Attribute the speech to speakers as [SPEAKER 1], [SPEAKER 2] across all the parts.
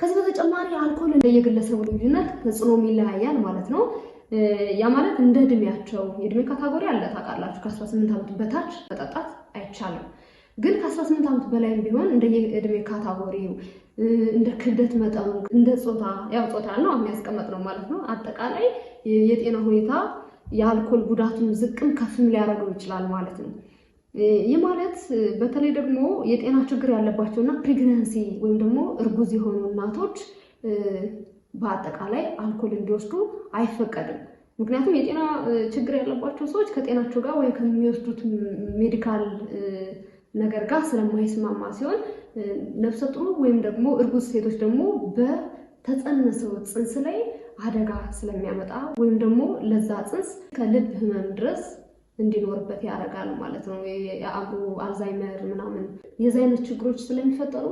[SPEAKER 1] ከዚህ በተጨማሪ አልኮል እንደየግለሰቡ ልዩነት ተጽዕኖ ይለያያል ማለት ነው። ያ ማለት እንደ እድሜያቸው የእድሜ ካታጎሪ አለ ታውቃላችሁ። ከ18 ዓመት በታች መጠጣት አይቻልም። ግን ከ18 ዓመት በላይም ቢሆን እንደየእድሜ ካታጎሪው እንደ ክብደት መጠኑ እንደ ጾታ ያው ጾታ ነው አሁን ያስቀመጥ ነው ማለት ነው። አጠቃላይ የጤና ሁኔታ የአልኮል ጉዳቱን ዝቅም ከፍም ሊያደርገው ይችላል ማለት ነው። ይህ ማለት በተለይ ደግሞ የጤና ችግር ያለባቸውና ፕሬግናንሲ ወይም ደግሞ እርጉዝ የሆኑ እናቶች በአጠቃላይ አልኮል እንዲወስዱ አይፈቀድም። ምክንያቱም የጤና ችግር ያለባቸው ሰዎች ከጤናቸው ጋር ወይም ከሚወስዱት ሜዲካል ነገር ጋር ስለማይስማማ ሲሆን ነፍሰ ጡር ወይም ደግሞ እርጉዝ ሴቶች ደግሞ በተጸነሰው ጽንስ ላይ አደጋ ስለሚያመጣ ወይም ደግሞ ለዛ ጽንስ ከልብ ህመም ድረስ እንዲኖርበት ያደርጋል ማለት ነው። የአእምሮ አልዛይመር ምናምን የዚህ አይነት ችግሮች ስለሚፈጠሩ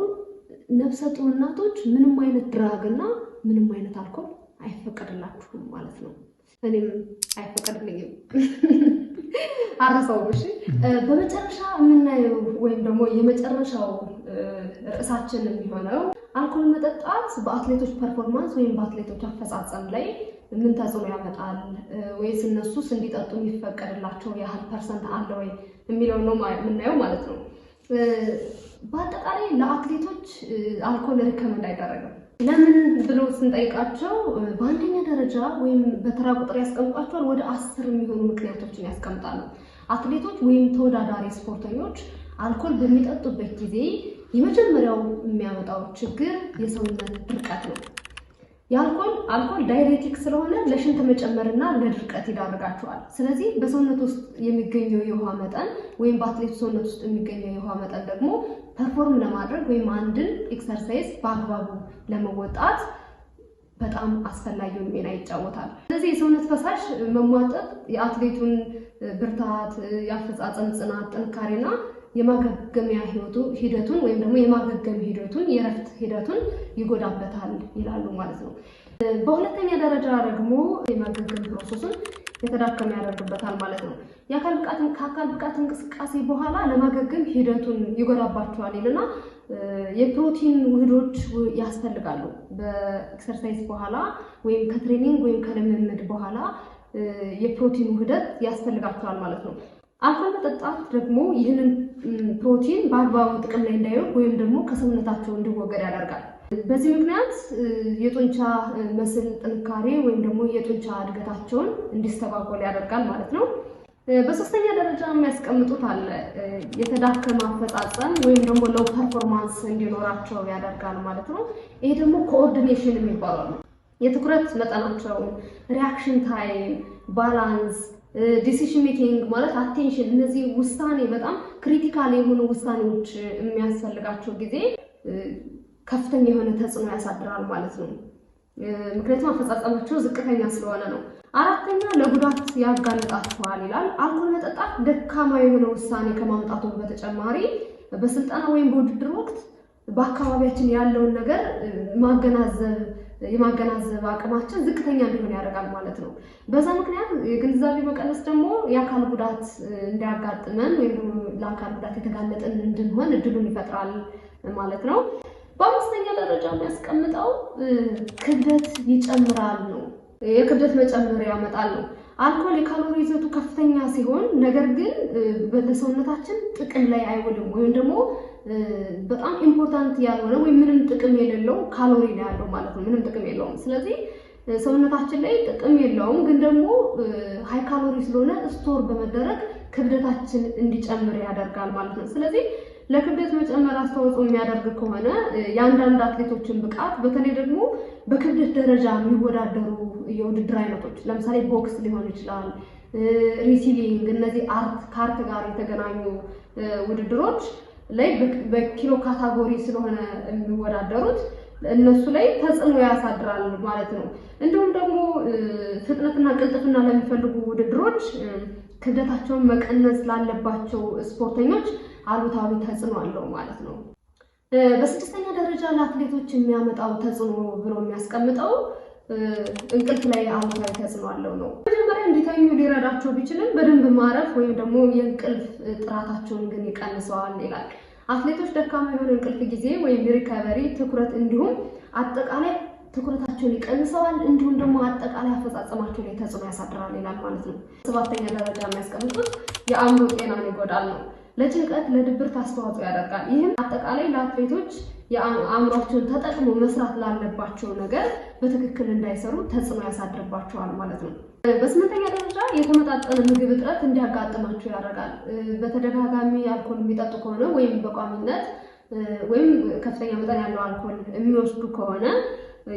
[SPEAKER 1] ነፍሰ ጡር እናቶች ምንም አይነት ድራግና ምንም አይነት አልኮል አይፈቀድላችሁም ማለት ነው። እኔም አይፈቀድልኝም አረሳው። እሺ፣ በመጨረሻ የምናየው ወይም ደግሞ የመጨረሻው ርዕሳችን የሚሆነው አልኮል መጠጣት በአትሌቶች ፐርፎርማንስ ወይም በአትሌቶች አፈጻጸም ላይ ምን ተጽዕኖ ያመጣል ወይስ እነሱስ እንዲጠጡ የሚፈቀድላቸው ያህል ፐርሰንት አለ ወይ የሚለው ነው የምናየው ማለት ነው። በአጠቃላይ ለአትሌቶች አልኮል ሪከመንድ አይደረግም። ለምን ብሎ ስንጠይቃቸው በአንደኛ ደረጃ ወይም በተራ ቁጥር ያስቀምጧቸዋል። ወደ አስር የሚሆኑ ምክንያቶችን ያስቀምጣሉ። አትሌቶች ወይም ተወዳዳሪ ስፖርተኞች አልኮል በሚጠጡበት ጊዜ የመጀመሪያው የሚያመጣው ችግር የሰውነት ድርቀት ነው። የአልኮል አልኮል ዳይሬቲክ ስለሆነ ለሽንት መጨመርና ለድርቀት ይዳርጋቸዋል። ስለዚህ በሰውነት ውስጥ የሚገኘው የውሃ መጠን ወይም በአትሌት ሰውነት ውስጥ የሚገኘው የውሃ መጠን ደግሞ ፐርፎርም ለማድረግ ወይም አንድን ኤክሰርሳይዝ በአግባቡ ለመወጣት በጣም አስፈላጊውን ሚና ይጫወታል። ስለዚህ የሰውነት ፈሳሽ መሟጠጥ የአትሌቱን ብርታት፣ የአፈጻጸም ጽናት፣ ጥንካሬና የማገገሚያ ህይወቱ ሂደቱን ወይም ደግሞ የማገገም ሂደቱን የረፍት ሂደቱን ይጎዳበታል ይላሉ ማለት ነው። በሁለተኛ ደረጃ ደግሞ የማገገም ፕሮሰሱን የተዳከመ ያደርግበታል ማለት ነው። የአካል ብቃት ከአካል ብቃት እንቅስቃሴ በኋላ ለማገገም ሂደቱን ይጎዳባቸዋል ይልና የፕሮቲን ውህዶች ያስፈልጋሉ። በኤክሰርሳይዝ በኋላ ወይም ከትሬኒንግ ወይም ከልምምድ በኋላ የፕሮቲን ውህደት ያስፈልጋቸዋል ማለት ነው። አልኮል መጠጣት ደግሞ ይህንን ፕሮቲን በአግባቡ ጥቅም ላይ እንዳይሆን ወይም ደግሞ ከሰውነታቸው እንዲወገድ ያደርጋል። በዚህ ምክንያት የጡንቻ መስል ጥንካሬ ወይም ደግሞ የጡንቻ እድገታቸውን እንዲስተጓጎል ያደርጋል ማለት ነው። በሶስተኛ ደረጃ የሚያስቀምጡት አለ የተዳከመ አፈጻጸም ወይም ደግሞ ለው ፐርፎርማንስ እንዲኖራቸው ያደርጋል ማለት ነው። ይሄ ደግሞ ኮኦርዲኔሽን የሚባለው ነው። የትኩረት መጠናቸውን፣ ሪያክሽን ታይም፣ ባላንስ ዲሲሽን ሜኪንግ ማለት አቴንሽን፣ እነዚህ ውሳኔ በጣም ክሪቲካል የሆኑ ውሳኔዎች የሚያስፈልጋቸው ጊዜ ከፍተኛ የሆነ ተጽዕኖ ያሳድራል ማለት ነው። ምክንያቱም አፈጻጸማቸው ዝቅተኛ ስለሆነ ነው። አራተኛ ለጉዳት ያጋልጣቸዋል ይላል። አልኮል መጠጣት ደካማ የሆነ ውሳኔ ከማምጣቱ በተጨማሪ በስልጠና ወይም በውድድር ወቅት በአካባቢያችን ያለውን ነገር ማገናዘብ የማገናዘብ አቅማችን ዝቅተኛ እንዲሆን ያደርጋል ማለት ነው። በዛ ምክንያት የግንዛቤ መቀነስ ደግሞ የአካል ጉዳት እንዳያጋጥመን ወይም ለአካል ጉዳት የተጋለጠን እንድንሆን እድሉን ይፈጥራል ማለት ነው። በአምስተኛ ደረጃ የሚያስቀምጠው ክብደት ይጨምራል ነው። የክብደት መጨመር ያመጣል ነው። አልኮል የካሎሪ ይዘቱ ከፍተኛ ሲሆን ነገር ግን ለሰውነታችን ጥቅም ላይ አይውልም ወይም ደግሞ በጣም ኢምፖርታንት ያልሆነ ወይም ምንም ጥቅም የሌለው ካሎሪ ነው ያለው ማለት ነው። ምንም ጥቅም የለውም። ስለዚህ ሰውነታችን ላይ ጥቅም የለውም፣ ግን ደግሞ ሃይ ካሎሪ ስለሆነ ስቶር በመደረግ ክብደታችን እንዲጨምር ያደርጋል ማለት ነው። ስለዚህ ለክብደት መጨመር አስተዋጽኦ የሚያደርግ ከሆነ የአንዳንድ አትሌቶችን ብቃት በተለይ ደግሞ በክብደት ደረጃ የሚወዳደሩ የውድድር አይነቶች ለምሳሌ ቦክስ ሊሆን ይችላል፣ ሪሲሊንግ፣ እነዚህ አርት ከአርት ጋር የተገናኙ ውድድሮች ላይ በኪሎ ካታጎሪ ስለሆነ የሚወዳደሩት እነሱ ላይ ተጽዕኖ ያሳድራል ማለት ነው። እንዲሁም ደግሞ ፍጥነትና ቅልጥፍና ለሚፈልጉ ውድድሮች ክብደታቸውን መቀነስ ላለባቸው ስፖርተኞች አሉታዊ ተጽዕኖ አለው ማለት ነው። በስድስተኛ ደረጃ ለአትሌቶች የሚያመጣው ተጽዕኖ ብሎ የሚያስቀምጠው እንቅልፍ ላይ አሉታዊ ተጽዕኖ አለው ነው። መጀመሪያ እንዲተኙ ሊረዳቸው ቢችልም በደንብ ማረፍ ወይም ደግሞ የእንቅልፍ ጥራታቸውን ግን ይቀንሰዋል ይላል። አትሌቶች ደካማ የሆነ እንቅልፍ ጊዜ ወይም ሪካቨሪ ትኩረት፣ እንዲሁም አጠቃላይ ትኩረታቸውን ይቀንሰዋል፣ እንዲሁም ደግሞ አጠቃላይ አፈጻጸማቸው ላይ ተጽዕኖ ያሳድራል ይላል ማለት ነው። ሰባተኛ ደረጃ የሚያስቀምጡት የአእምሮ ጤናን ይጎዳል ነው። ለጭንቀት ለድብርት አስተዋጽኦ ያደርጋል። ይህም አጠቃላይ ለአትሌቶች የአእምሯቸውን ተጠቅሞ መስራት ላለባቸው ነገር በትክክል እንዳይሰሩ ተጽዕኖ ያሳድርባቸዋል ማለት ነው። በስምንተኛ ደረጃ የተመጣጠነ ምግብ እጥረት እንዲያጋጥማቸው ያደርጋል። በተደጋጋሚ አልኮል የሚጠጡ ከሆነ ወይም በቋሚነት ወይም ከፍተኛ መጠን ያለው አልኮል የሚወስዱ ከሆነ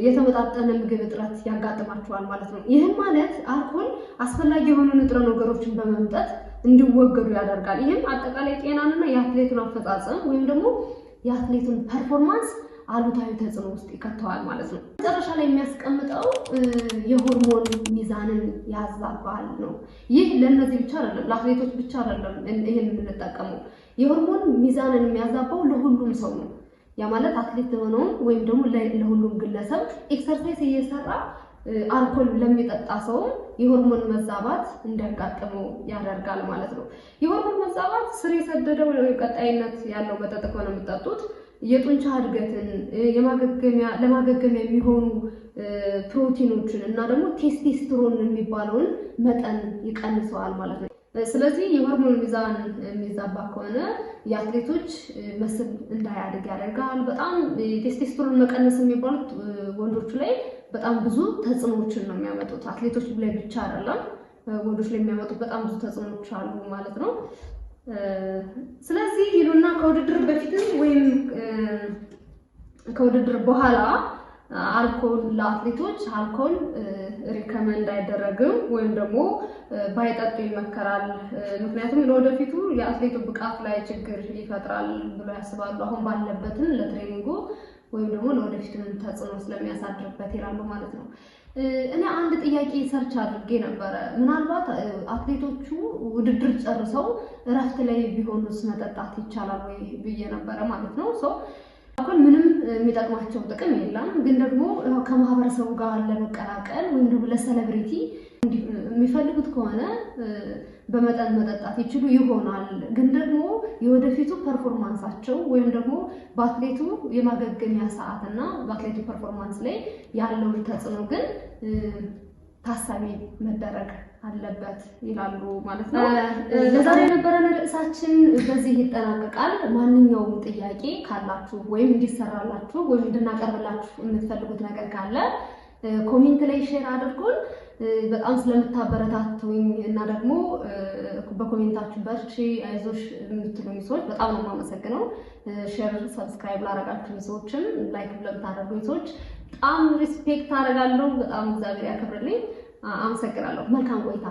[SPEAKER 1] የተመጣጠነ ምግብ እጥረት ያጋጥማቸዋል ማለት ነው። ይህም ማለት አልኮል አስፈላጊ የሆኑ ንጥረ ነገሮችን በመምጠት እንዲወገዱ ያደርጋል። ይህም አጠቃላይ ጤናንና የአትሌቱን አፈጻጸም ወይም ደግሞ የአትሌቱን ፐርፎርማንስ አሉታዊ ተጽዕኖ ውስጥ ይከተዋል ማለት ነው። መጨረሻ ላይ የሚያስቀምጠው የሆርሞን ሚዛንን ያዛባል ነው። ይህ ለእነዚህ ብቻ አይደለም፣ ለአትሌቶች ብቻ አይደለም ይህን የምንጠቀመው። የሆርሞን ሚዛንን የሚያዛባው ለሁሉም ሰው ነው። ያ ማለት አትሌት ለሆነውም ወይም ደግሞ ለሁሉም ግለሰብ ኤክሰርሳይዝ እየሰራ አልኮል ለሚጠጣ ሰውም የሆርሞን መዛባት እንዲያጋጥመው ያደርጋል ማለት ነው። የሆርሞን መዛባት ስር የሰደደው ቀጣይነት ያለው መጠጥ ከሆነ የምጠጡት የጡንቻ እድገትን ለማገገሚያ የሚሆኑ ፕሮቲኖችን እና ደግሞ ቴስቴስትሮን የሚባለውን መጠን ይቀንሰዋል ማለት ነው። ስለዚህ የሆርሞን ሚዛን የሚዛባ ከሆነ የአትሌቶች መስል እንዳያድግ ያደርጋል። በጣም ቴስቴስትሮን መቀነስ የሚባሉት ወንዶቹ ላይ በጣም ብዙ ተጽዕኖዎችን ነው የሚያመጡት። አትሌቶች ላይ ብቻ አይደለም፣ ወንዶች ላይ የሚያመጡት በጣም ብዙ ተጽዕኖች አሉ ማለት ነው። ስለዚህ ሂሉና ከውድድር በፊትም ወይም ከውድድር በኋላ አልኮል ለአትሌቶች አልኮል ሪከመንድ አይደረግም ወይም ደግሞ ባይጠጡ ይመከራል። ምክንያቱም ለወደፊቱ የአትሌቱ ብቃት ላይ ችግር ይፈጥራል ብሎ ያስባሉ። አሁን ባለበትን ለትሬኒንጉ ወይም ደግሞ ለወደፊት ምን ተጽዕኖ ስለሚያሳድርበት ይላሉ ማለት ነው። እኔ አንድ ጥያቄ ሰርች አድርጌ ነበረ። ምናልባት አትሌቶቹ ውድድር ጨርሰው እረፍት ላይ ቢሆኑስ መጠጣት ይቻላል ወይ ብዬ ነበረ ማለት ነው ሰው አሁን ምንም የሚጠቅማቸው ጥቅም የለም። ግን ደግሞ ከማህበረሰቡ ጋር ለመቀላቀል ወይም ደግሞ ለሰለብሪቲ የሚፈልጉት ከሆነ በመጠን መጠጣት ይችሉ ይሆናል። ግን ደግሞ የወደፊቱ ፐርፎርማንሳቸው ወይም ደግሞ በአትሌቱ የማገገሚያ ሰዓት እና በአትሌቱ ፐርፎርማንስ ላይ ያለውን ተጽዕኖ ግን ታሳቢ መደረግ አለበት ይላሉ ማለት ነው። ለዛሬ የነበረን ርዕሳችን በዚህ ይጠናቀቃል። ማንኛውም ጥያቄ ካላችሁ ወይም እንዲሰራላችሁ ወይም እንድናቀርብላችሁ የምትፈልጉት ነገር ካለ ኮሜንት ላይ ሼር አድርጉን። በጣም ስለምታበረታቱኝ እና ደግሞ በኮሜንታችሁ በርቺ፣ አይዞሽ የምትሉኝ ሰዎች በጣም ነው የማመሰግነው። ሼር፣ ሰብስክራይብ ላረጋችሁኝ ሰዎችም ላይክ ለምታደርጉኝ ሰዎች በጣም ሪስፔክት አደርጋለሁ። በጣም እግዚአብሔር ያከብርልኝ። አመሰግናለሁ። መልካም ቆይታ